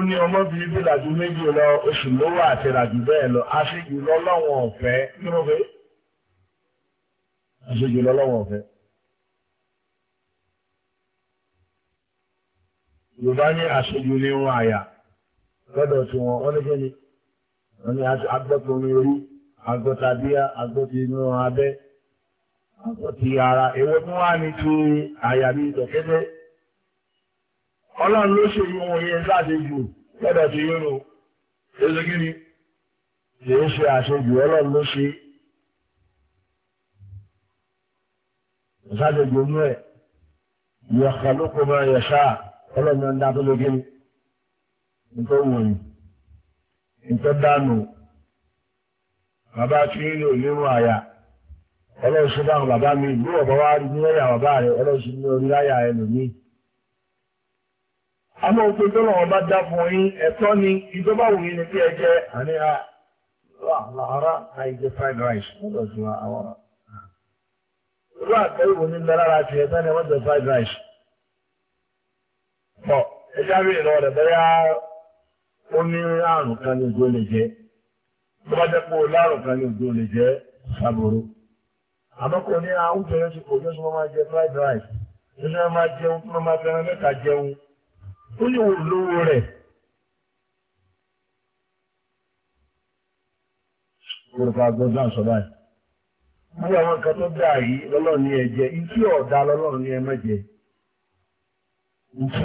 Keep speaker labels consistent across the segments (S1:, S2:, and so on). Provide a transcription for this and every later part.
S1: ó ní ọmọ bíi bí làjú méjì lọ oṣù lówó àti làjú bẹ́ẹ̀ lọ aṣojú lọ́lọ́wọ̀n ọ̀fẹ́ kí ló fẹ́ aṣojú lọ́lọ́wọ̀n ọ̀fẹ́. yorùbá ní aṣojú ní wọn àyà lọ́dọ̀ tí wọn wọ́n ní kíni wọ́n ní agbọ́tò ní orí agbọ́tàbíyá agbọ́tì inú abẹ́ agbọ́tì ara èwo tí wọ́n á ní ti àyà bíi tọ̀kẹ́tẹ́ ọlọ́run ló ṣe yíò wọ́n yẹn sáàṣejù lọ́dọ̀ tí yóò rò ẹsẹ̀ kí ni kìí ṣe àṣejù ọlọ́run ló ṣe sáàṣejù inú ẹ̀ yọ̀ọ̀kan ló kọ́ máa yẹ̀ ṣáà ọlọ́run náà ń dá tó lé kí ni nítorí wọ̀nyí nítorí dánù bàbá tí yín lò nínú àyà ọlọ́run ṣe dáhùn bàbá mi ìlú ọ̀bá wa ní ẹ̀yà bàbá rẹ̀ ọlọ́run ṣe ní orí láyà ẹlòmíì àmọ́ òkú ìjọba wọn bá dá fún yín ẹ̀tọ́ ni ìjọba wù yín ni kí ẹ jẹ àní àrà àìjẹ fried rice lọ́dọ̀ sí wa àwọn ọ̀rọ̀. irú àtẹ́wò wo ní ń dára láti ẹ̀tọ́ ni wọ́n jẹ fried rice. bọ̀ ẹja rí ìrọ̀ rẹ̀ bẹ́rẹ̀ ó ní àrùn kan ní ojú lè jẹ́ tó bá jẹ́ pé ó lárùn kan ní ojú lè jẹ́ sábòrò. àmọ́ kò ní àwọn oúnjẹ yẹn ti kò jẹ́ sọ ma jẹ fried rice onye ní òun lówó rẹ̀. Yorùbá sọ àwọn nǹkan tó dáa yìí lọ́lọ́run ní ẹ̀jẹ̀, ìtí ọ̀dà lọ́lọ́run ní ẹ̀mẹ́jẹ. Ìtí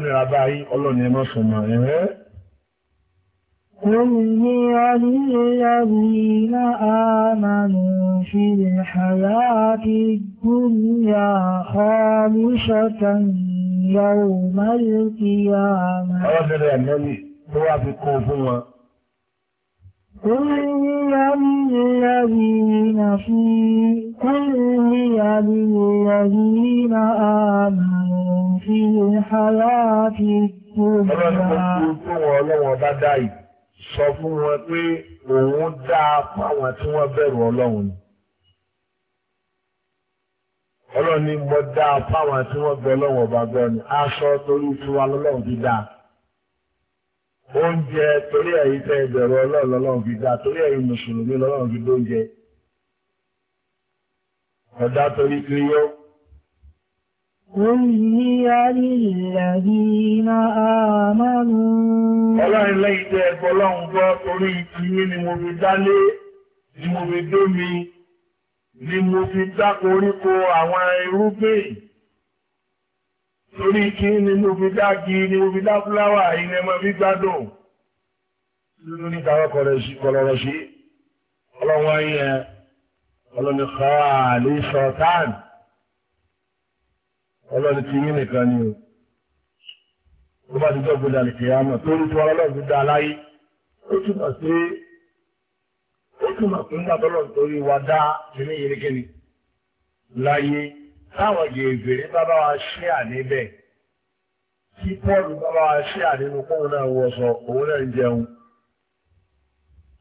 S1: ní ọlọ́run ní
S2: وَيُنْذِرَ الَّذِينَ آمَنُوا فِي الْحَيَاةِ الدُّنْيَا خَالِصَةً يَوْمَ الْقِيَامَةِ
S1: أَوَدَرَ النَّبِي هو في كوفوا
S2: قل للذين في قل للذين آمنوا في الحياة
S1: الدنيا sọ fún wọn pé òun dáa fáwọn tí wọ́n bẹ̀rù ọlọ́run ni. ọlọ́run ni mo dáa fáwọn tí wọ́n bẹ ọlọ́run ọba gbọ́ ni aṣọ torí tiwa lọ́lọ́run ti dáa. oúnjẹ torí ẹ̀yin tẹ́ ìbẹ̀rù ọlọ́run lọ́lọ́run fi dáa torí ẹ̀yin mùsùlùmí lọ́lọ́run fi dóúnjẹ. ọ̀dà torí kiri yóò. قل هي
S2: للذين آمنوا
S1: ọlọ́rin lẹ́yìn tẹ́ ẹ̀fọ́lọ́run gbọ́ orí ìkíní ni mo fi dálé ni mo fi dómi ni mo fi dákò oríko àwọn irúgbìn torí ìkíní ni mo fi dági ni mo fi dá fúláwà ilẹ̀ mọ́ fi gbádùn lórí ní kọlọ̀rọ̀ sí ọlọ́run ayé ọlọ́run kọ́ ọlọ́ni ti yín nìkan ni o tó bá ti jọ́ gbọ́dọ̀ àlìkìyàmọ̀ tó ní tí wọ́n lọ́wọ́ gbọ́dọ̀ aláyé ó túmọ̀ sí ó túmọ̀ pé nígbà tó lọ́wọ́ torí wa dá kíní yìí kíní láyé táwọn gèèfèrè bá bá wa ṣé àníbẹ̀ tí pọ́ọ̀lù bá bá wa ṣé ànínú kóun náà wọṣọ òun náà ń jẹun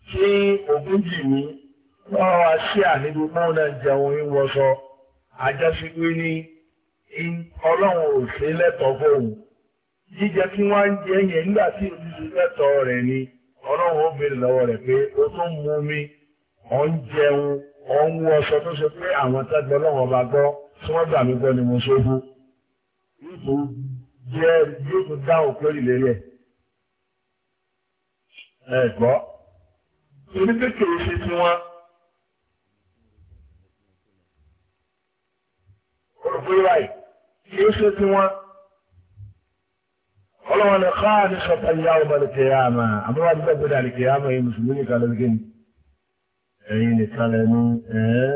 S1: tí ògúnjì mi bá wa ṣé ànínú kóun náà ń jẹun ń wọṣọ àjọṣepé ní ọlọ́run ò ṣe lẹ́tọ̀ọ́ fóun jíjẹ kí wọ́n ń jẹ yẹn nígbà tí òbí ṣe lẹ́tọ̀ọ́ rẹ̀ ni ọlọ́run ó béèrè lọ́wọ́ rẹ̀ pé o tún mú mi ọ̀ ń jẹun ọ̀ ń wọ ọṣọ tó ṣe pé àwọn tẹ́gbẹ́ ọlọ́run ọba gbọ́ tí wọ́n gbà mí gbọ́ ni mo ṣe fún yóò jẹ́ yóò tún dáhùn pé ìlérí ẹ̀ ẹ̀ gbọ́ torí pé ṣe tí wọ́n. olùkúrò báyìí kìí ṣe ti wọn ọlọ́wọ́n ni káàdì ṣọ̀tà ìyá ọba lè kẹ́ yá máa àbúrò àdúgbò gbọdọ̀ lè kẹ́ yá máa yìí mùsùlùmí nìkan lórí kí ni ẹ̀yin nìkan lẹ́nu ẹ̀ẹ́.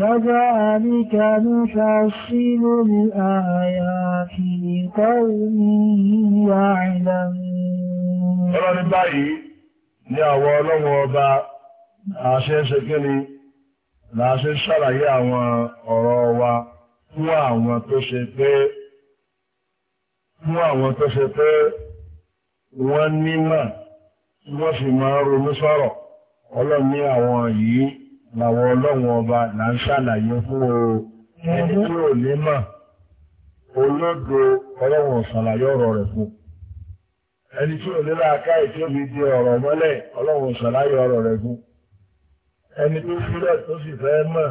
S2: وَذَلِكَ نُفَصِّلُ الْآيَاتِ لِقَوْمٍ يَعْلَمُونَ
S1: Ọlọ́run báyìí ni àwọ ọlọ́wọ́ ọba àṣẹ kí ni, làṣẹ ṣàlàyé àwọn ọ̀rọ̀ wa. fún àwọn tó ṣe pé wọ́n ní tó ṣe wọ́n tí wọ́n sì máa ń ronú sọ̀rọ̀ ọlọ́run ní àwọn yìí làwọn ọlọ́run ọba là ń ṣàlàyé fún o ẹni tí ò nímọ̀ olódo ọlọ́run ṣàlàyé ọ̀rọ̀ rẹ̀ fún ẹni tí ò ní láàká ìtóbi di ọ̀rọ̀ mọ́lẹ̀ ọlọ́run ṣàlàyé ọ̀rọ̀ rẹ̀ fún ẹni tó sílẹ̀ tó sì fẹ́ mọ̀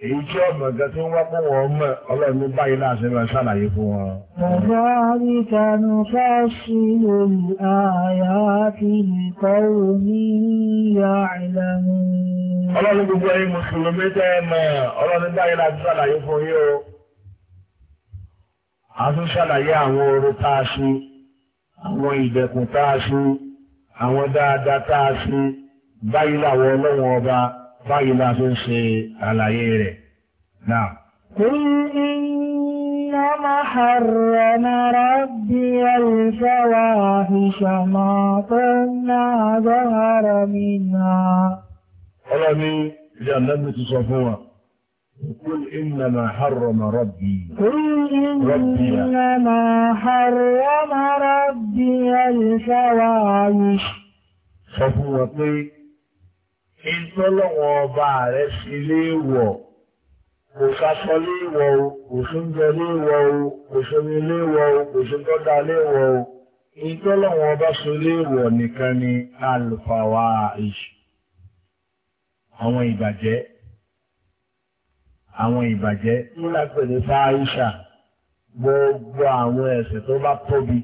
S1: èyí tí ọ̀nà ìjọ tí wọ́n fún wọn mọ̀ ọlọ́run báyìí láti lọ ṣàlàyé fún wọn. bàbá
S2: mi kanu bá lórí ààyà àti ìkọrò ní ìyá ìlànà.
S1: ọlọ́run gbogbo ẹ̀yin mùsùlùmí tẹ́ ẹ mọ̀ ọlọ́run báyìí láti ṣàlàyé fún yín o. a tún ṣàlàyé àwọn oore tá a ṣe àwọn ìdẹ̀kùn tá a ṣe àwọn dáadáa tá a ṣe báyìí làwọn ọlọ́run ọba. báyìí bá tó ń ṣe àlàyé rẹ̀ náà.
S2: Qul innama harrama rabbiyal fawahisha ma kunna zahara minha.
S1: Ọlọ́ni ilé ànábì ti sọ fún wa. قل إنما حرم ربي
S2: قل إنما حرم ربي الفواحش
S1: صفوة ìtọ́lọ́wọ́n ọba rẹ̀ sí léèwọ̀ kò sasọ léèwọ̀ o kò súnjẹ léèwọ̀ o kò sómi léèwọ̀ o kò súntọ́dá léèwọ̀ o ìtọ́lọ́wọ́n ọba sọ léèwọ̀ nìkan ni alùpàwà ìṣù àwọn ìbàjẹ́ àwọn ìbàjẹ́ nígbà pẹ̀lú gbogbo àwọn ẹ̀ṣẹ̀ tó bá tóbi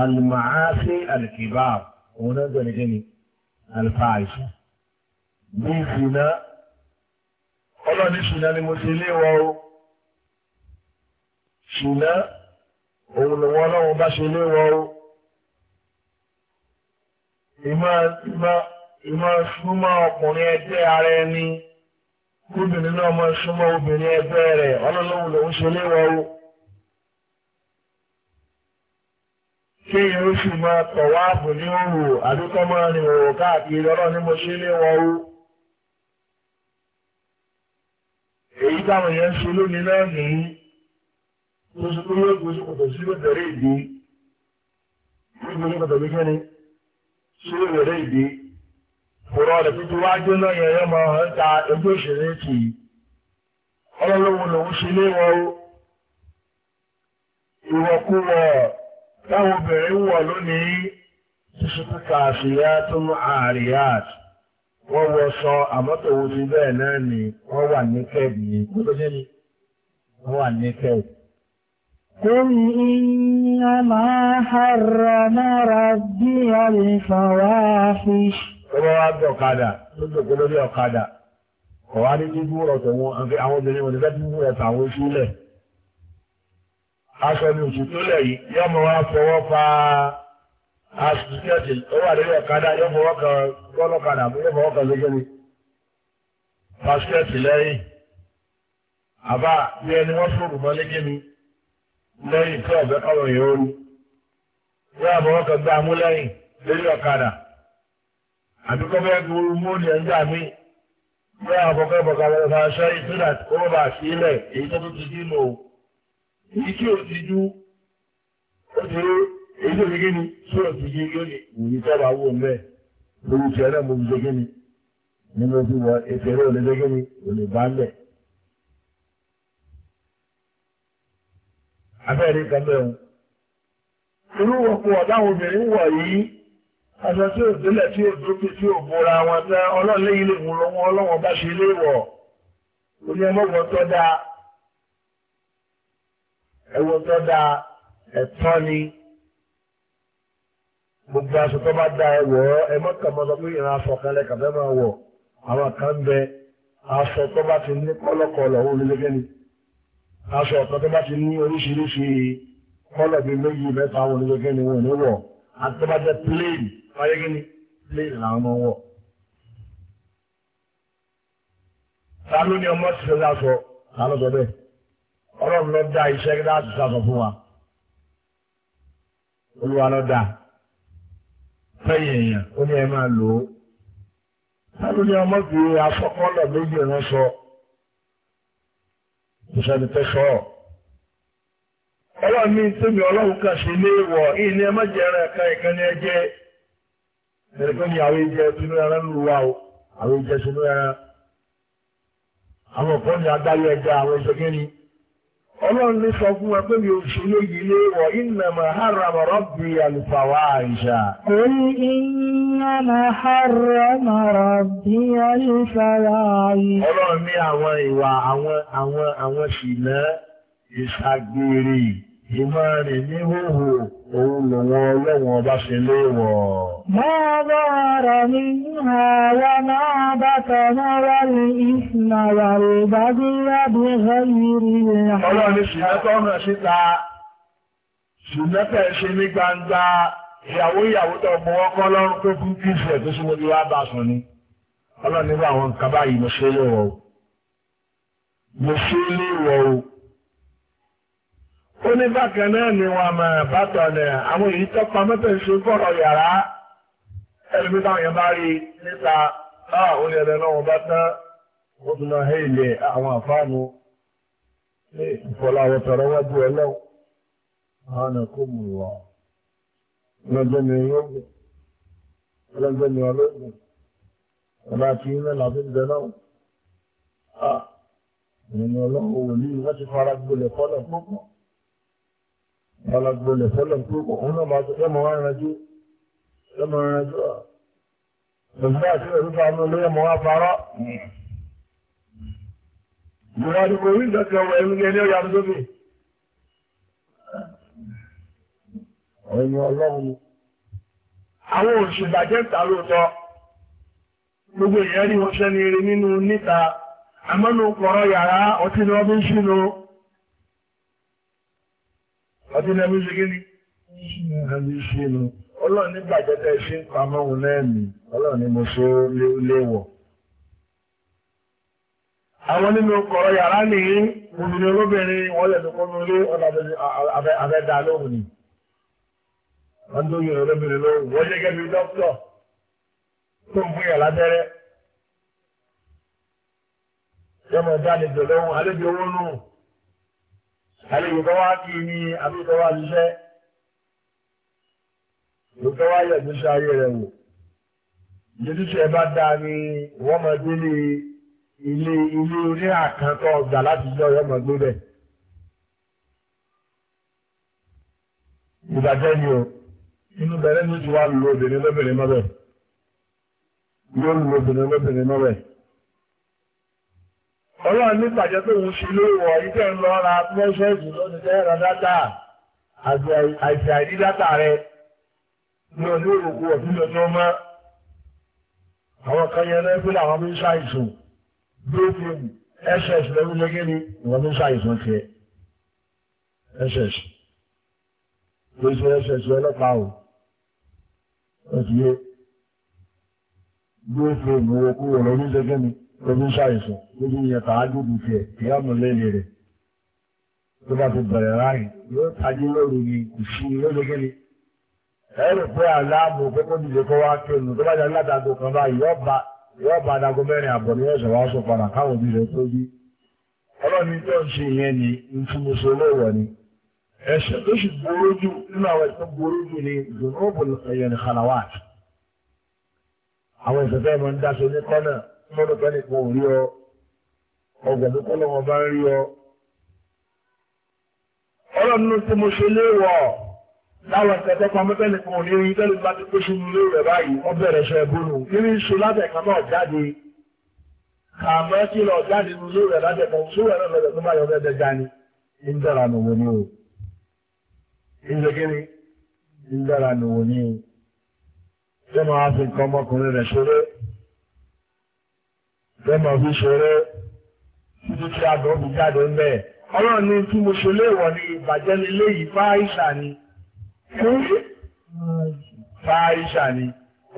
S1: alùmọ̀ọ́sí alùkìbáàbù òun náà gbẹ̀ni kí ni alifáàṣì ní ìsìnà ọlọ́ni ṣìnà ni mo ṣe léwọ́ o ṣìnà òun lòun ọlọ́run bá ṣe léwọ́ o ìmọ̀ ìmọ̀ ìmọ̀ súnmọ́ ọkùnrin ẹgbẹ́ ara ẹni kóbìnrin náà mọ̀ súnmọ́ obìnrin ẹgbẹ́ rẹ̀ ọlọ́run lòun ṣe léwọ́ o. kí irú sì máa tọ̀ wá bù ní òwò àdúkọ́ máa ní òwò káàkiri ọ̀rọ̀ ní mo ṣe ó. èyí táwọn èèyàn ń ṣe lónìí náà nìyí tó ṣe tó yóò gbèsè kòtò sí ló bẹ̀rẹ̀ ìdí yóò gbèsè kòtò bí kẹ́ni sí bẹ̀rẹ̀ ìdí tuntun wá táwọn obìnrin wọ̀ lónìí ṣíṣúkú kàṣíyá tó ń àríyàt wọ́n wọ sọ àmọ́tòwò ti bẹ́ẹ̀ náà ni wọ́n wà ní kẹ́ẹ̀bì ni wọ́n wà ní kẹ́ẹ̀bì. قل
S2: إنما حرم ربي الفواحش
S1: ọwọ́ wa gbé ọ̀kadà tó jòkó lórí ọ̀kadà ọ̀wá ní bíbú ọ̀tọ̀ wọn àwọn obìnrin wọn ni bẹ́ẹ̀ bíbú ẹ̀ta àwọn oṣù aṣọ mi òtún tó lẹ̀ yìí yọ mọ wá fọwọ́ pa asùnkẹ́tì ó wà lórí ọ̀kadà yọ fọwọ́ kan gbọ́lọ́kadà yọ fọwọ́ kan lójú pàṣẹ́tì lẹ́yìn àbá bí ẹni wọ́n fòrò mọ́ lé mi lẹ́yìn tí ọ̀bẹ yọ lẹ́yìn lórí ọ̀kadà àdúgbò ẹ̀ ń mí yọ àwọn ìkí òtìjú ẹ̀ṣẹ̀rẹ́ èyí tó fi gí ni sọ́rọ̀ ti gí lónìí ìyí sábà wò lórí ti ẹ̀rẹ́ mo fi ni mo fi wọ ẹ̀ṣẹ̀rẹ́ òlé ṣe gíní bá ń abẹ́rẹ́ kan bẹ́ẹ̀ o irú ọ̀pọ̀ ọ̀dáwọn obìnrin wọ̀ yìí aṣọ tí ò délẹ̀ tí ò dókè tí ò bóra wọn tẹ ọlọ́ọ̀lẹ́yìn lè mú lọ́wọ́ ọlọ́wọ́n bá ṣe léèwọ̀ oní ẹwọ tó dáa ẹ̀tọ́ ni gbogbo aṣọ tó bá dáa ẹwọ ẹ má kàn máa sọ pé ìran aṣọ kan lẹ́kàn fẹ́ máa wọ̀ àwọn kan bẹ aṣọ tó bá ti ní kọ́lọ́kọ́lọ́ òun ló ni aṣọ kan tó bá ti ní oríṣiríṣi kọ́lọ̀ bíi méjì mẹ́ta òun ló ni wọn ò ní wọ̀ àti tó ni pléènì làwọn máa wọ̀. ta ló ní ọmọ ti láṣọ ta ló sọ bẹ́ẹ̀. ọlọ́run lọ dá iṣẹ́ láti sàṣọ fún wa olúwa lọ dá fẹ́yìn èèyàn ó ní ẹ máa lò ó sáré ní ọmọbìnrin sọ ìṣẹ́ni tó ọlọ́run ní tóbi ọlọ́run sí ilé ìwọ̀ yìí ẹ má jẹ́ ẹran ẹ̀ka ẹ̀rẹ́ pé ní àwọn ìjẹ́ sínú ẹran o àwọn ìjẹ́ sínú ẹran àwọn ọlọ́run ló sọ fún wa pé mi ò fi léyìí lé wọ̀ innama harrama rabbi al-fawahisha.
S2: qul innama harrama rabbi
S1: al-fawahisha. ọlọ́run ní àwọn ìwà àwọn àwọn àwọn ṣìnà ìṣàgbèrè. Ìmọ̀ rẹ̀ ní hóhò òun lòun ọlọ́wọ̀n bá ṣe léèwọ̀.
S2: Máa bá ara mi àwà máa bá tọ̀nà wà ní ìsìnà wà rẹ̀ bá bí rábí rẹ̀ yìí rẹ̀. Ọlọ́ni
S1: ṣìnẹ́tọ́ ọ̀nà síta, ṣìnẹ́tẹ̀ ṣe ní gbangba, ìyàwó ìyàwó ó ní bákan náà ni wà máa bátọ̀ nẹ̀ àwọn èyí tọ́pa mẹ́tẹ̀ ṣe fọ́rọ̀ yàrá ẹlùmí táwọn yẹn bá rí níta náà ó lè rẹ̀ náà wọ́n bá tán ó tún náà hẹ́ẹ̀lẹ̀ àwọn àfáànù ní ìfọ̀láwọ̀ tọ̀rọ̀ wájú ẹlẹ́wọ̀n àwọn ẹ̀kọ́ mú wà lọ́jọ́ ni ológun lọ́jọ́ ni ológun ọba kí ń lọ́la fi ń bẹ ìrìn ọlọ́run wò láti fara gbolẹ̀ fọ́lọ̀ púpọ̀ ọlọ́gbọ́lẹ̀ sọ́lọ̀ tó kọ̀ òun náà máa tọ́jọ́ máa ránjú lọ́mọ ránjú à òṣìṣẹ́ àti òṣìṣẹ́ àánú lóyè mọ́ wá parọ́ ìwọ́n ni kò rí ìjọsìn ọwọ́ ẹ̀mí ní ẹni ọ̀yà tó tóbi ọ̀yìn ọlọ́run àwọn òṣìbàjẹ́ ta lóòótọ́ gbogbo ìyẹn rí wọn ṣẹ́ni eré nínú níta àmọ́nù kọ̀ọ̀rọ̀ yàrá ọtí ni wọ́n fi ń ṣínú ọdún lẹ́mí ṣe kí ni ẹni ṣe lọ ọlọ́run ní gbàjẹ́tẹ́ ṣe ń pamọ́ òun lẹ́ẹ̀mí ọlọ́run ní mo ṣe léwọ̀ àwọn nínú ọkọ̀ yàrá ní obìnrin olóbìnrin wọ́n lẹ̀ lókọ́ lórí ọ̀nà abẹ́dà lóhùn ni wọ́n tó yẹ olóbìnrin owó nù àlejòkọwà kí ní àbíkọwà ṣiṣẹ́ ìkọwà yẹ̀gbẹ́ṣẹ́ ayé rẹ̀ wò ìdíṣẹ́ bá dá ní wọ́n mọ̀ gbé ní ilé ilé orí àkàntọ́ ọgbà láti jọ ọ̀yọ́ mọ̀ gbé bẹ̀. ìbàjẹ́ ni o inú bẹ̀rẹ̀ ní ti wá lu obìnrin mọ́bẹ̀ yóò lu obìnrin mọ́bẹ̀. Ọlọ́run ní pàjẹ́ pé òun ṣe ló wọ̀ ìjẹ́ ń lọ ra mẹ́ṣẹ́ẹ̀sì lónìí jẹ́ ra dátà àti àìsí àìdí dátà rẹ̀ ní ọdún òkú ọ̀tún lẹ́gbẹ́ làwọn mú ṣàìsùn dófin SS lẹ́gbẹ́ lẹ́gẹ́ SS ló ṣe SS ọlọ́pàá o. Ó ti yé dófin òkú ọ̀lọ́dún lẹ́gẹ́ ni lójú ṣàìsàn lójú yẹn tàá dúdú tiẹ̀ kì á mú lélẹ̀ rẹ̀ tó bá ti bẹ̀rẹ̀ ráyìn yóò tají lóru ni kò sí ni yóò lókè ni ẹ̀rù pé aláàbò pé kó dìde kó wá kéwòn tó bá jẹ́ látàgò kan báyìí yóò bá yóò bá adago mẹ́rin àbọ̀ ni yóò sọ̀rọ̀ wá sọ padà káwọn òbí rẹ̀ tó bí ọlọ́ni tó ń ṣe ìyẹn ni ntúmọ̀sọ lọ́wọ́ ni ẹ̀ṣẹ̀ tó sì gbóró jù nínú àwọn ẹ̀ṣẹ̀ gbóró jù ni mọ́tò kan nìkan ò rí ọ ọgbà tó kọ́ lọ́wọ́ bá ń rí ọ. ọlọ́run tí mo ṣe léèwọ̀ láwọn ìtẹ́tọ́ pamọ́ tẹ́lẹ̀ kan ò ní rí tẹ́lẹ̀ bá ti pé sínú ilé rẹ̀ báyìí wọ́n bẹ̀rẹ̀ ṣe ẹ̀bùrù nínú iṣu látẹ̀kan náà jáde àmọ́ kí lọ jáde nínú ilé rẹ̀ látẹ̀kan sówẹ̀ náà lọ́dọ̀ tó bá yọ fẹ́ẹ́ dẹja ni ń dára nù wọ́n ní o. ìṣèkiri ń dára nù wọ́n ní o. ṣé máa fi nǹkan ọmọkùnrin rẹ̀ ṣeré lọ́mọ fi ṣeré títí tí àgọ́ fi jáde ńbẹ̀. ọlọ́run ní tí mo ṣe léèwọ̀ ni ìbàjẹ́ ni léyìí fáìṣà ni fáìṣà ni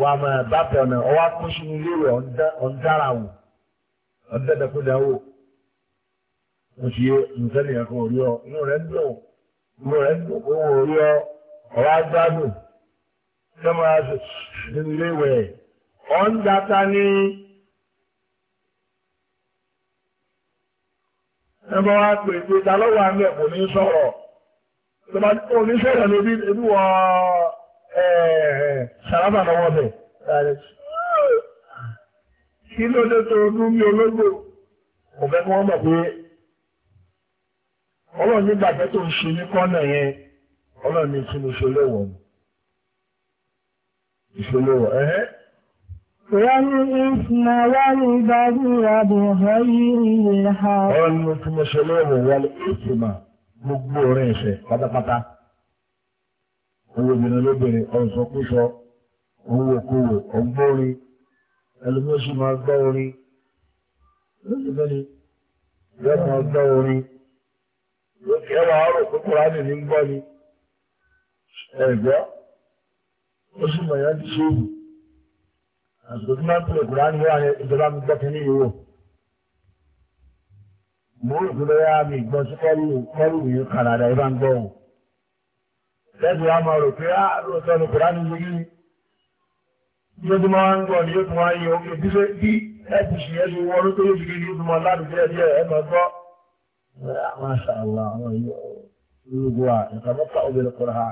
S1: wà á máa bá tẹ̀ ọ̀nà ọwọ́ akóṣinú léèwọ̀ ọ̀ndára wò ọ̀ndẹ́dẹ́kúndà wò. mo ṣe nǹkan nìyẹn kan orí ọ inú rẹ̀ ń dùn inú rẹ̀ ń dùn pé wọ́n orí ọ ọ̀rọ̀ agbádùn ṣé máa ṣe nínú léèwọ̀ ẹ̀ ọ̀ndata ni. ẹgbọ́ wá pè pé ta lọ́wọ́ àmì ẹ̀kùn ní sọ̀rọ̀ oníṣẹ́rẹ̀ lórí ebúwọ̀ lọ́wọ́ bẹ̀ kí ló dé tó ọdún ológbò kí wọ́n mọ̀ pé ọlọ́run nígbà tó ń ṣe ní kọ́nà yẹn ọlọ́run ní والإثم والبغي بغير الحق والإثم ṣẹlẹ́wọ̀ والإثم gbogbo ọ̀rẹ́ ẹ̀ṣẹ̀ pátápátá owó obìnrin lóbìnrin ọ̀sọ̀kúsọ owó okòwò ọgbọ́rin ẹlòmíọ́sì máa gbọ́ dòtúmọ̀ tó ìkúrá ní wà ní ìjọba mi gbọ́ kínní yìí wò. mo rò pé bẹ́ẹ̀ mi gbọ́ sí kọ́lù kọ́lù yìí kàràdà ìbá ń gbọ́ wọn. lẹ́sìn wa máa rò pé á lóòótọ́ ní ìkúrá ní yìí yóò tún máa ń gbọ́ ní yóò tún máa ń yẹ omi bí ẹ ti ṣe ẹ ti wọ́n ló tó yóò ti kéde yóò tún máa ládùúgbò ẹ díẹ̀ ẹ máa gbọ́. Máṣàlá àwọn yóò gbọ́ à ìkàmọ́ta obìnrin kọ̀ọ̀rọ̀ ha.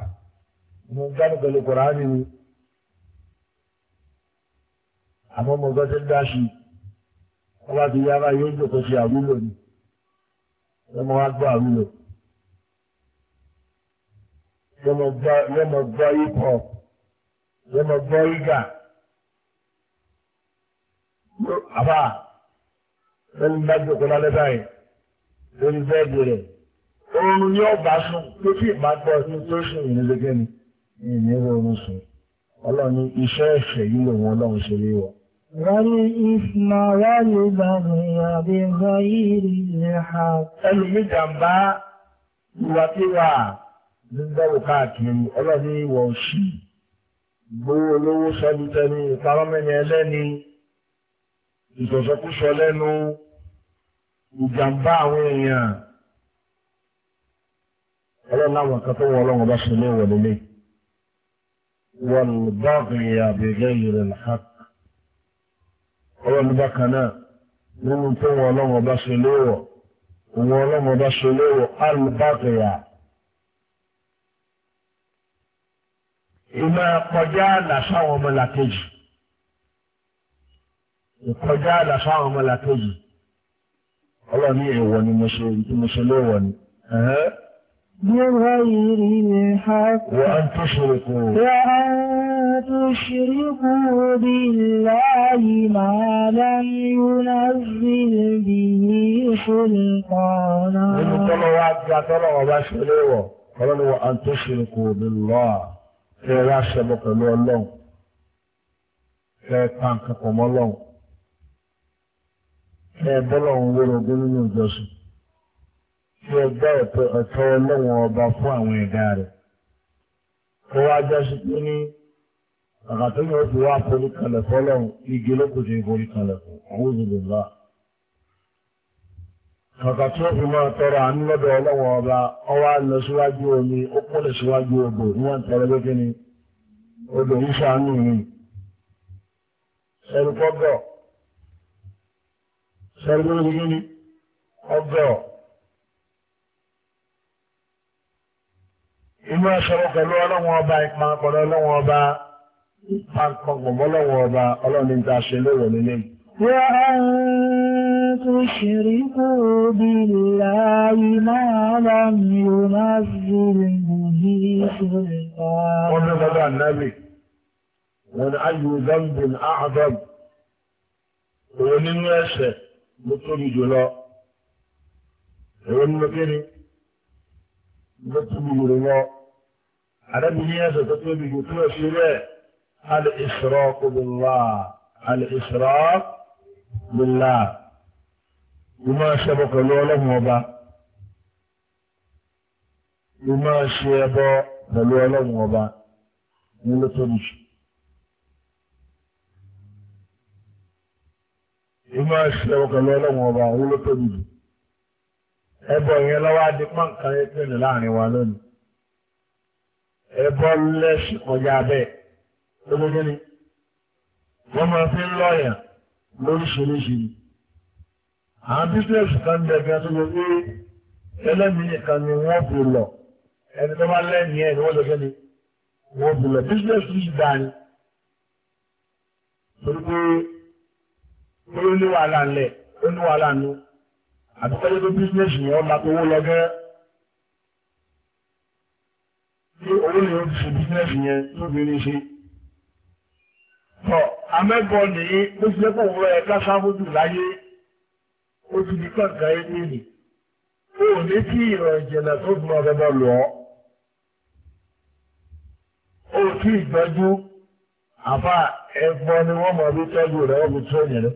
S1: Mo gbádùn pẹ̀lú àmọ́ mo gbọ́ tó ń dáṣì wọ́n bá ti yá bá yóò jòkó ṣe àwúlò ni wọ́n mọ wá gbọ́ àwúlò wọ́n mọ gbọ́ hip hop wọ́n mọ gbọ́ ìgà àbá lẹ́nu bá jòkó lálẹ́ báyìí lórí bẹ́ẹ̀dì rẹ̀ oorun ni ó bá sùn tó sì máa gbọ́ ní tó sùn ìrìnlẹ́gẹ́ni ìrìnlẹ́gẹ́ni oorun sùn ọlọ́run iṣẹ́ ẹ̀ṣẹ̀ yìí lòun ọlọ́run ṣe rí wọn. والإثم والبغي بغير الحق الجنبا وتوا ذو كاتم الذي وشي gbóòlówó sọ́dútẹ́ni ìparọ́mẹ́ni ẹlẹ́ni ìsọ̀sọ̀kúsọ lẹ́nu ìjàmbá àwọn èèyàn ọlọ́run láwọn kan tó wọ ọlọ́run ọba sọ lé wọlé lé wọlé bọ́ọ̀gì àbẹ̀gẹ́ ìrẹ̀lẹ̀ hàk ọ̀rọ̀ ní bákan náà nínú tó wọn ọlọ́run ọba ṣe léwọ̀ òun ọlọ́run ọba ṣe léwọ̀ alùbákẹ́yà. ìmọ̀ kọjá làṣàwọn ọmọ làkejì ìkọjá làṣàwọn ọmọ làkejì ọlọ́run ní èèwọ̀ ni mo ṣe tí mo ṣe léwọ̀ ni.
S2: Bí wọ́n yìí rí ní ha. Wọ́n á ń tó ṣe kú. Wọ́n ń. تشركوا بالله ما لم ينزل به سلطانا nínú tọ́lọ wá
S1: gbá tọ́lọ ọba ṣeré wọ̀ ọlọ́run wọ an tushriku billah kẹ wá ṣẹbọ pẹ̀lú ọlọ́run kẹ pa nǹkan pọ̀ mọ́ ọlọ́run kẹ bọ́lọ́run wórogún nínú ìjọsìn kí ẹ gbá ẹ̀tọ́ ọlọ́run ọba fún àwọn ẹ̀dá rẹ̀ kó wá jásí pé ní. Àgbà tó yẹ kó wá forí kalẹ̀ fọ́lọ́run igi ló kò ṣe forí kalẹ̀ fún àwọn òṣèlú Kàkà tí ó fi máa tọrọ àánú lọ́dọ̀ ọlọ́wọ́ ọba, ọwá lọ síwájú omi, ó kúnlẹ̀ síwájú odò, wọ́n tọrọ pé kí odò ń ṣàánú mi. Ṣẹ́rí pọ́gọ̀, ṣẹ́rí lórí kí ni ọgọ́. Inú ẹ̀ṣọ́ pẹ̀lú ọlọ́wọ́ ọba, ìpàkọ̀lọ́ ọlọ́wọ́ ọba, Akọ̀gbọ̀mọ́lọ́wọ́ ọba ọlọ́ni ta ṣe lóòrò nílé. Wọ́n á ń
S2: tún ṣìrí kú bí láàyè máa bá mi ò máa fi rìn bí ṣe pa. Wọ́n ní bàbá
S1: Nàbì, wọ́n ayò Zambin Ahadab, òun nínú ẹ̀ṣẹ̀ ló tóbi jùlọ. Èwo nínú kéré ló tóbi jùlọ. Àdábìnrin ẹ̀ṣẹ̀ tó tóbi jù tó ẹ̀ṣẹ̀ rẹ̀. الإشراك بالله الإشراك بالله وما شبك الولم وبا وما شبك الولم وبا من تنشي ìmọ̀ ṣe ọkọ̀lọ́ ọlọ́run ọba òun ló tóbi jù ẹbọ yẹn lọ́wọ́ adé pọ́ǹkan yẹn pè ní láàrin wa lónìí ẹbọ lẹ́sìn kọjá bẹ́ẹ̀ lójúgẹ́ni wọ́n máa fi ń lọ́yà lóríṣiríṣi ni àwọn bísíẹ̀sì kan ń dẹ̀gbẹ́ tó yẹ pé ẹlẹ́mìí kan ni wọ́n fi lọ ẹni tó bá lẹ́yìn ẹ̀ ni wọ́n lọ́gẹ́ni fi lọ bísíẹ̀sì yìí dáa ni torí pé ó ní wàhálà ńlẹ̀ ó ní wàhálà nù àti pé pé bísíẹ̀sì yẹn ọ̀la tó wó lọ́gẹ́ tí owó ni ó fi ṣe bísíẹ̀sì yẹn tó fi rí ṣe amẹ́bọ ní ó ṣe kò wọ ẹ̀ká sáfójú láyé ó ti di kọ̀ǹkà ẹni nì ó ní tí ìrọ̀ ìjìnlẹ̀ tó fi máa bẹ́bọ̀ lọ ó tí ìgbẹ́jú àfa ẹ̀gbọ́n ni wọ́n mọ̀ bí tọ́jú rẹ̀ ó fi tó yẹn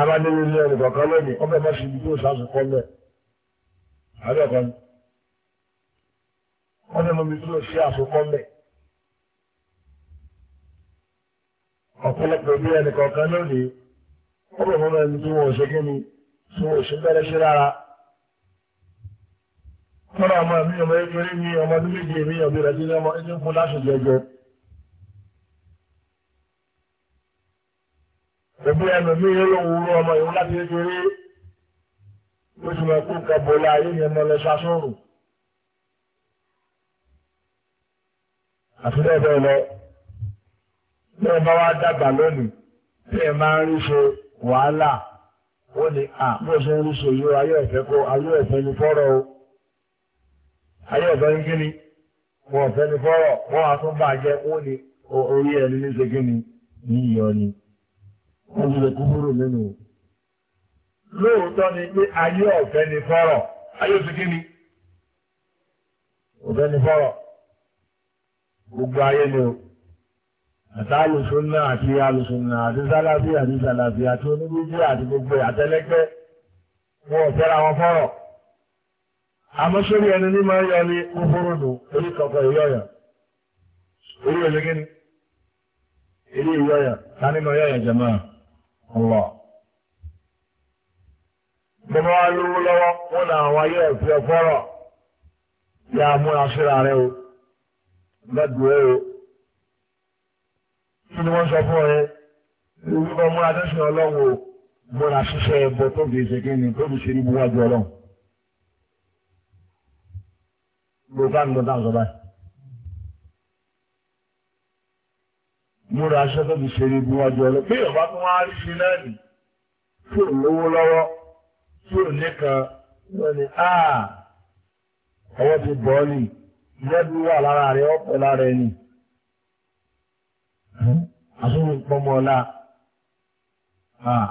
S1: abalẹ́wé ní ẹnì kọ̀ọ̀kan lónìí ọbẹ̀ má ṣe ibi tó sàṣùkọ́ lẹ̀ abẹ́ẹ̀kọ́ ni wọ́n ní ọmọ mi tó ṣe àṣùkọ́ lẹ̀. ọ̀pọ̀lọpọ̀ bí ẹnì kọ̀ọ̀kan lónìí wọ́n bọ̀ fún ẹni tí wọ́n ṣe kí ni tí wọ́n ṣe bẹ̀rẹ̀ sí rárá. Fọ́nà ọmọ mi ọmọ ẹgbẹ́ mi ọmọ ọdún méje mi ọ̀bí rẹ̀ sí ọmọ ẹni fún láṣù jẹjẹ. Ẹbí ẹnu mi yóò ló wúrú ọmọ ìwú láti kékeré. Ó sì máa kó kàbọ̀lá ayé yẹn mọ́ lọ sasọ́rù. Àfi bẹ́ẹ̀ bẹ́ẹ̀ lọ bí ẹ bá wá dàgbà lónìí bí ẹ máa ń rí ṣe wàhálà ó ní à bó ṣe ń rí ṣe yóò ayé ẹ̀fẹ́ kó ayé ẹ̀fẹ́ ni fọ́rọ̀ o ayé ẹ̀fẹ́ ni kíni wọ́n ọ̀fẹ́ ni fọ́rọ̀ wọ́n wá tún bàjẹ́ ó ní orí ẹni ní ṣe kíni ní ìyọ ni wọ́n ti lè kú kúrò nínú lóòótọ́ ni pé ayé ọ̀fẹ́ ni fọ́rọ̀ ayé ṣe kíni ọ̀fẹ́ ni fọ́rọ̀ gbogbo ayé ni o àtàlùsúnà àti alùsúnà àti sálàfí àti sálàfí àti oníbíjì àti gbogbo àtẹlẹgbẹ́ wọn ò fẹ́ra wọn fọ́rọ̀ àmọ́sórí ẹni ní máa ń yọ ní kúfúrúdù orí kọ̀ọ̀kan ìyọ̀yà orí òṣèké ni ilé ìyọ̀yà tani máa yọ̀yà jẹ̀mọ́ ọ̀lọ́. Bọ́lá wa lówó lọ́wọ́ wọn là ayé ẹ̀fẹ́ fọ́rọ̀ yà á múra síra rẹ o lọ́dún ẹ o kí ni wọ́n sọ fún ẹ wíwọ́n múra dẹ́sìn ọlọ́run o múra ṣiṣẹ́ ẹbọ tó fi ṣe kíni tó fi ṣe ní buwájú ọlọ́run. Gbogbo bá ń lọ dáhùn sọ báyìí. múra aṣọ tó fi ṣe ní buwájú ọlọ́run. Bí ìwà tó wá rí sí náà nì tí ò lówó lọ́wọ́ tí ò ní kan wọ́n ni áà ọwọ́ ti bọ́ ni ìyẹ́bí wà lára rẹ̀ ọ̀pọ̀ lára ẹni. Hmm? àtúntò pọ́nmọ́lá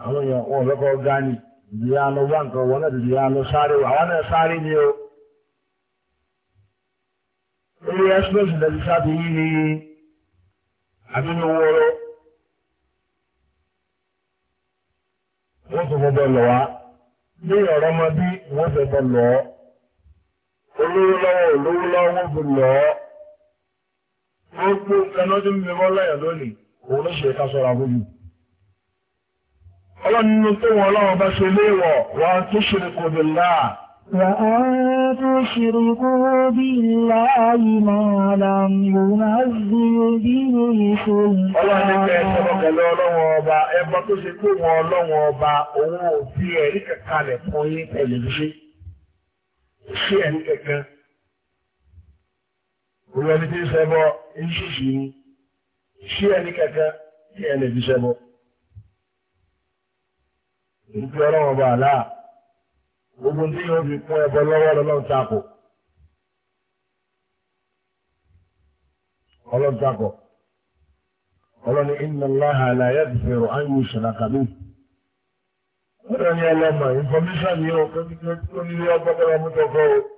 S1: àwọn èèyàn wọn lọ́kọ̀ gánì ìdíyà lọ wá nǹkan wọn náà ìdíyà lọ sáré àwọn náà sáré ni o. Ilé ẹ́sìpẹ́sì lẹ́ti sáàtì yìí ni àbínú wọ́ọ́rọ́. Wọ́n tún fọ́bọ̀ lọ wá. Ní ọ̀rọ̀ ọmọ wọ́n fẹ́ bọ̀ lọ. Olówó lọ́wọ́ olówó lọ́wọ́ fi lọ Gbogbo ẹnọ́dún mẹ́mọ́ láyà lónìí, òun ló ṣe ká sọ́ra gbogbo. Ọlọ́run tó wọn ọlọ́run bá ṣe léèwọ̀, wọ́n tó ṣe kò bèlá. وأن
S2: تشركوا بالله ما لم ينزل به سلطانا
S1: Ọlọ́run ní kẹ́ òun ò òun ẹni tí ń a ń ṣìṣì ni ṣí ẹni kankan tí ẹni fi ṣẹbọ. Ìdí ọlọ́wọ́n bá àlá gbogbo tí yóò fi kún ẹbọ lọ́wọ́ lọ́lọ́run takò. Ọlọ́run takò. Ọlọ́run ní inna Allaha la ní ìfọ̀míṣàn ó ọgbọ́n kọ́ra mú tọ́kọ́ o.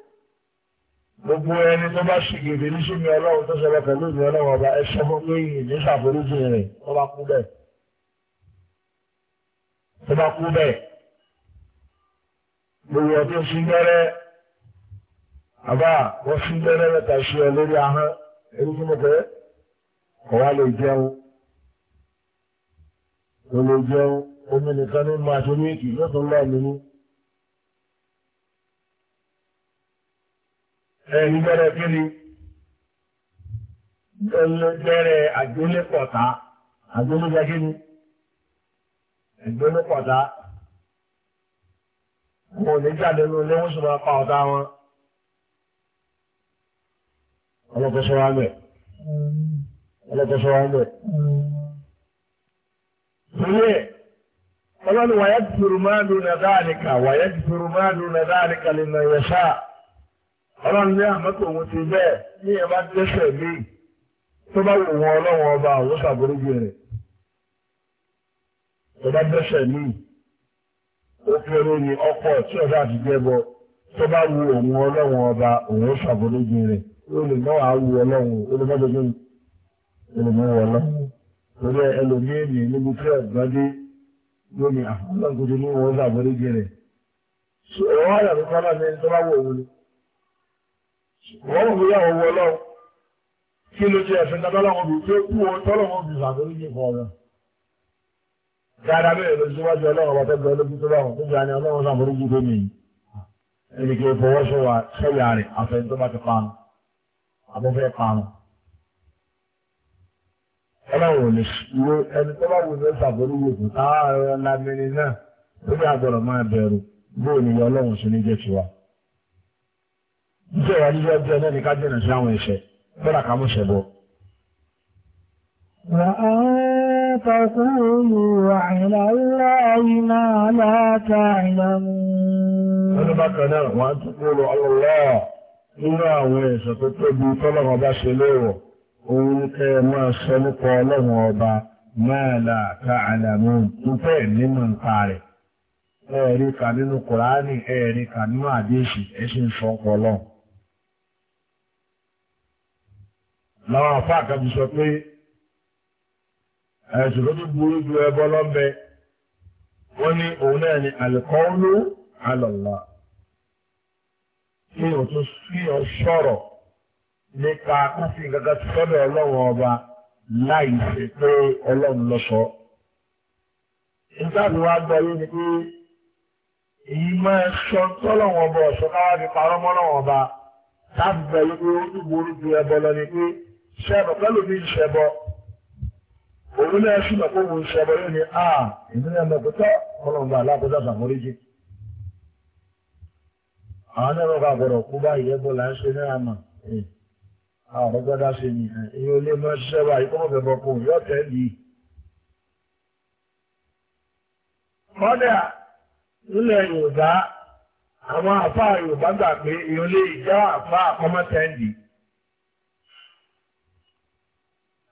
S1: gbogbo ẹni tó bá ṣe gèdè ní sí mi ọlọ́run tó sọ̀rọ̀ pẹ̀lú mi ọlọ́run ọba ẹ sọ fún pé ìní ṣàforíjì rẹ̀ tó bá kú bẹ́ẹ̀. tó bá kú bẹ́ẹ̀. gbogbo ọdún sí gbẹ́rẹ́ àbá wọ́n sí gbẹ́rẹ́ mẹ́ta sí ọ lórí ahọ́n èyí tí mo fẹ́ kọ̀ lè jẹun. kò lè jẹun omi nìkan ní mo àti omi èkì lọ́tún lọ́ọ̀ mi ẹ̀yìn gbẹ́rẹ́ kí ni gbẹ́rẹ́ àgbélépọ̀tá àgbélépọ̀tá kí ni àgbélépọ̀tá wọn ò ní jáde ní ilé wọn sì máa pa ọ̀tá wọn ọlọ́kọ̀ọ́sọ wa mẹ́ ọlọ́run wàyẹ́ tìrù máa dùn náà dáàlìkà lè nà yẹ ọlọ́run ní àmọ́tò òun ti bẹ́ẹ̀ ní ẹ bá dẹ́sẹ̀ mí tó bá wò wọn ọlọ́run ọba àwọn ṣàbóríjì rẹ̀ tó bá dẹ́sẹ̀ mí ó kéré ní ọkọ̀ tí ọ̀dà ti jẹ́ bọ tó bá wò òun ọlọ́run ọba òun ṣàbóríjì rẹ̀ ó lè mọ́ àwù ọlọ́run ó lè mọ́ dọ́gbọ́n ó ọlọ́run ní wọn ah, wọ́n wù yà ọwọ́ ọlọ́run kí ló jẹ́ ẹ̀fẹ́ tọ́lọ́wọ́n bí o tọ́lọ́wọ́n bí sàbẹ̀lẹ́yìn fún ọ̀rọ̀ dáadáa bẹ́ẹ̀ lọ síwájú ọlọ́run ọba tẹ́gbẹ́ ológun tó lọ́wọ́ tó gbà ní ọlọ́run sàmúrúgbù tó nìyí ẹnìkè fọwọ́sọ̀wà sọ́yà rẹ̀ àfẹ́ni tó bá ti panu abọ́fẹ́ panu ọlọ́run lè ṣúwó ẹni tó bá wùdó sàbẹ̀lẹ́yìn fún táwọn ẹ̀rọ lámìnrin náà tó bí agbọ̀rọ̀ máa bẹ̀rù bóò ní ọlọ́run sí ní jẹ́ tiwa jíjẹ́ ìwà jíjẹ́ ọjọ́ ẹlẹ́ni ká jẹ́nà sí àwọn ẹ̀ṣẹ̀ bọ́lá ká mú ṣẹbọ. Olúbákan náà wọ́n tún kó lọ ọlọ́lọ́ nínú àwọn ẹ̀ṣẹ̀ tó tóbi tọ́lọ́run ọba ṣe léèwọ̀ òun ní kẹ́ ẹ rẹ̀ ẹ̀ẹ̀rí nínú Kùránì ẹ̀ẹ̀rí nínú àdéṣì ẹ̀ṣin sọ́kọ̀ ọlọ́run. làwọn àfa àkàbí sọ pé ẹ̀sùn tó ti burú ju ẹbọ lọ́bẹ wọ́n ní òun náà ni àlùkọ́ọ́lù àlọ́lá kí o tún sí ọ sọ̀rọ̀ nípa kófì gàgà sọ́dọ̀ ọlọ́run ọba láì ṣe pé ọlọ́run lọ sọ. ìtàkùn wa gbọ́ ni pé èyí máa sọ tọ́lọ́run ọba ọ̀ṣọ́ káwá fi parọ́ mọ́ ọba táàbù gbọ́ yé pé ó dùbò orúkú ẹbọ lọ ni pé. ṣẹbọ pẹ̀lú mi ń ṣẹbọ òun náà ṣùgbọ́n kó wọn ṣẹbọ yóò ní a èmi náà mọ̀ pẹ́tọ́ ọlọ́run bá aláàbọ̀dá sàmóríjì àwọn náà lọ́ka gbọ́dọ̀ kú báyìí ẹ̀bọ̀ là ń ama ní àmà àwọn ọ̀gbọ́dá ṣe ní ìyẹn olè mọ́ ṣiṣẹ́ báyìí kọ́mọ̀ fẹ́ bọ́ kó yọ tẹ́ lì í. Yorùbá àwọn Yorùbá gbà pé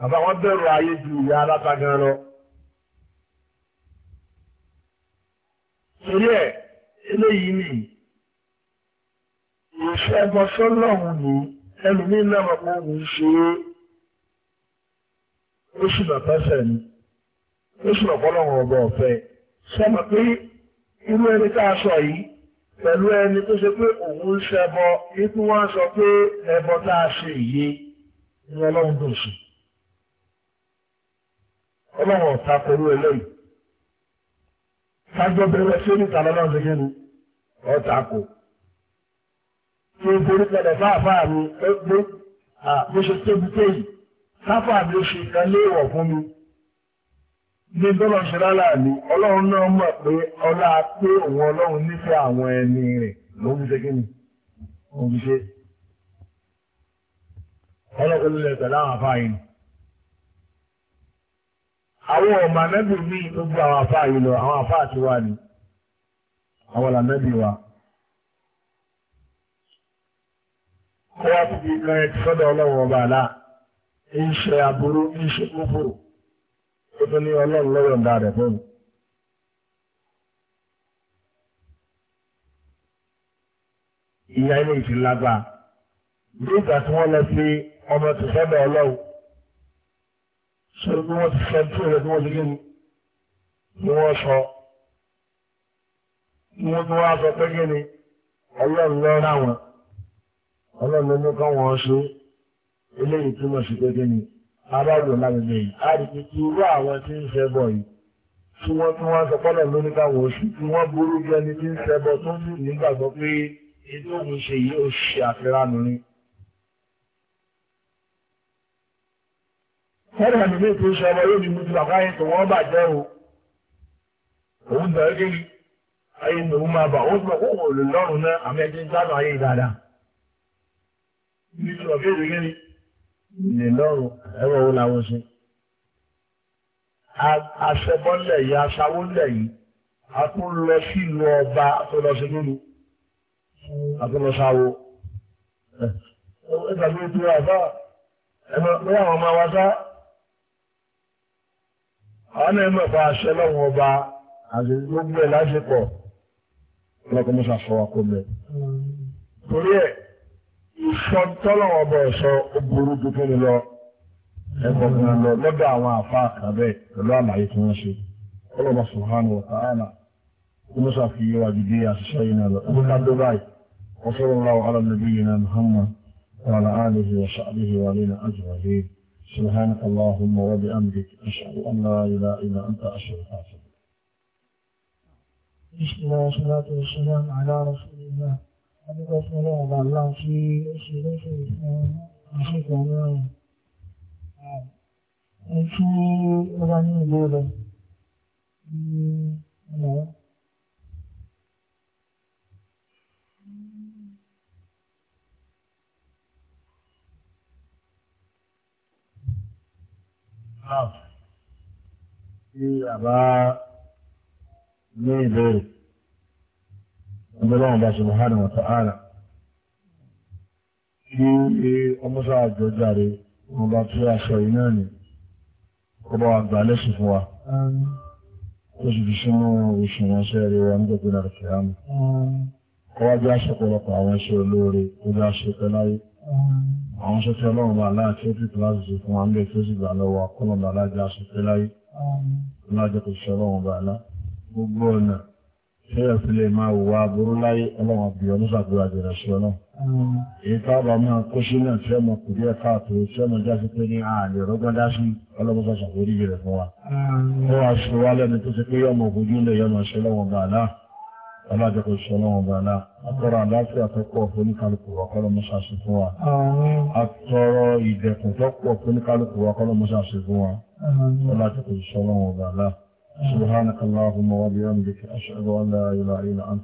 S1: bàbá wọn bẹ̀rù ayé ju ìyá alátagan lọ. torí ẹ̀ eléyìí nì ìṣẹ́gun sọ́lọ́hún ni ẹlòmíín náà mọ̀ pé òun ṣe é ó sì bàtà sẹ́ni ó sì lọ́pọ̀ lọ́wọ́ ọba ọ̀fẹ́ pé irú ẹni tá a sọ yìí pẹ̀lú ẹni tó ṣe pé òun ṣẹbọ ikú wọn sọ pé ẹbọ tá a ṣe yìí ni ọlọ́run tó sùn ọlọ́wọ́ ọ̀ta pẹ̀lú eléyìí sájọ́ bẹ̀rẹ̀ sí oníta lọ́lọ́run ṣe kí ni ọ̀ta kò kí n torí padà fáàfáà mi ẹgbẹ́ bó ṣe tóbi téyì sáfàá mi ó ṣe kan léèwọ̀ fún mi ní tọ́lọ̀ ṣe rárá ni ọlọ́run náà mọ̀ pé ọlá pé òun ọlọ́run nífẹ̀ẹ́ àwọn ẹni rẹ̀ ló ń ṣe kí ni òun ṣe ọlọ́run lè tẹ̀lé àwọn afáyín àwọn ọmọ anábì ní gbogbo àwọn afá yìí lọ àwọn afá àti wà ní àwọn anábì wa. kó wá síbi ìkan ẹ̀ tí sọ́dọ̀ ọlọ́run ọba àlá ń ṣe aburú ń ṣe kúkúrú ó tún ní ọlọ́run lọ́wọ́ ń da rẹ̀ fún mi. ìyá ilé ìfìlágbà nígbà tí wọ́n lọ sí ọmọ tó ọlọ́run ṣe bí wọ́n ti sọ tí rẹ̀ bí wọ́n ti gíní ni wọ́n sọ ni wọ́n ti wá sọ pé gíní ọlọ́run lọ́ra wọn ọlọ́run ní kọ́ wọn ṣe eléyìí túmọ̀ sí pé gíní aráàlú lágbègbè yìí a rí pé kí lórí káwọn oṣù tí wọ́n burú bí ẹni tí ń ṣe tó ń nígbàgbọ́ pé ètò òun ṣe yìí ó ṣe àfihàn nìyí. kọ́rọ̀ ẹ̀mí lè tó ṣe ọmọ yóò ní mú ti bàbá yẹn tó wọ́n bà jẹ́ o òun gbà ó kéwì ayé ni òun máa bà ó sọ òun ò lè lọ́rùn náà àmì ẹjẹ gbádùn ayé dáadáa nítorí ọ̀fẹ́ ìrìn kẹ́ni lè lọ́rùn ẹ̀rọ òun làwọn ṣe aṣẹ́bọ́lẹ̀ yìí aṣàwọ́lẹ̀ yìí a tún lọ sílùú ọba tó lọ sí lóru a tún lọ sáwó ẹgbàgbé tó wà fáà ẹgbàgbé àwọn ọmọ wa sáà. a na-eme aṣẹ ọba àti gbogbo ẹ̀ láṣepọ̀ lọ́kọ̀ mọ́ṣá sọ wa kó torí ẹ ìsọ tọ́lọ́wọ́ ọba ẹ̀sọ́ ó burú dúkìrì ẹ̀kọ́ kan lọ lọ́dọ̀ àwọn àfa àkàbẹ̀ pẹ̀lú àlàyé tí wọ́n ṣe ọlọ́ba subhanahu fi àṣìṣe Muhammad سبحانك اللهم وبأمرك أشهد أن لا إله إلا أنت أشهد
S2: بسم الله والصلاة والسلام على رسول الله أبدا صلى الله في أسئلة أشهد أن لا إله إلا أنت أشهد أن لا إله إلا أنت
S1: tí a bá ní ìbéèrè ọgbẹ́lọ́wọ́n bá subhanahu wa ta'ala kí ọmọsá àjọ jáde wọn bá tún aṣọ yìí náà ni ó bá wà gbà lẹ́sìn fún wa ó sì fi sínú òṣùwọ̀n sẹ́ẹ̀rì wa nígbà tó dára kìí àmì ọwájú àṣepọ̀ lọ́pọ̀ àwọn iṣẹ́ olóore ó bá ṣe pẹ́ láyé àwọn ṣẹ́ṣẹ́ ọlọ́run bá aláà tí ó fi kíláàsì sí fún àmì tó sì gbà lọ́wọ́ akọ́lọ̀bà alájá ṣẹ́ṣẹ́ láyé lájẹ́ kò ṣẹ́ ọlọ́run bá alá gbogbo ọ̀nà ṣé ẹ̀sìn lè máa wà burú láyé ọlọ́run àbí ọdún ṣàgbéra jẹ̀rẹ̀ sí ọlọ́run èyí tábà máa kó sí náà tí ọmọ kò díẹ̀ káàtó tí ọmọ já pé ní ààrẹ rọ́gbọ́dá sí ọlọ́run ṣàṣàforí jẹ̀rẹ̀ fún wa ó wá ṣe wá lẹ́nu tó ṣe pé yọmọ ògójú lè yọmọ ṣe lọ́wọ́ bàálà alájọpọ̀ iṣẹ́ ọlọ́run bàálá àtọrọ àlàáfíà tó pọ̀ fóníkálùkù ọkọlọmọṣà ṣe fún wa àtọrọ ìdẹ̀kùn tó pọ̀ fóníkálùkù ọkọlọmọṣà ṣe fún wa alájọpọ̀ iṣẹ́ ọlọ́run bàálá subhanakallahumma wa